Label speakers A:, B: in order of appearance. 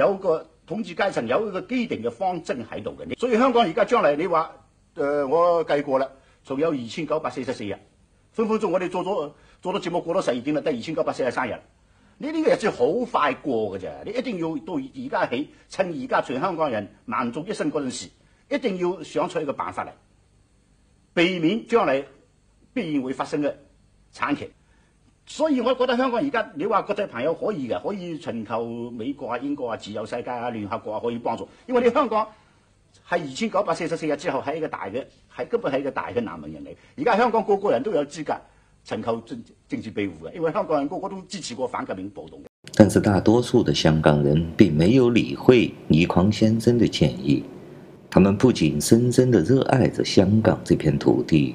A: 有個統治階層有一個既定嘅方針喺度嘅，所以香港而家將來你話誒、呃，我計過啦，仲有二千九百四十四日。分分鐘我哋做咗做，做到節目過到十二點啦，得二千九百四十三日。呢啲日子好快過嘅啫，你一定要到而家起，趁而家全香港人萬眾一心嗰陣時，一定要想出一個辦法嚟，避免將來必然會發生嘅慘劇。所以我覺得香港而家你話國際朋友可以嘅，可以尋求美國啊、英國啊、自由世界啊、聯合國啊可以幫助，因為你香港係二千九百四十四日之後係一個大嘅，係根本係一個大嘅難民人嚟。而家香港個個人都有資格尋求政政治庇護嘅，因為香港人個個都支持過反革命暴動。但是大多數嘅香港人並沒有理會倪匡先生嘅建議，他們不僅深深地熱愛着香港這片土地。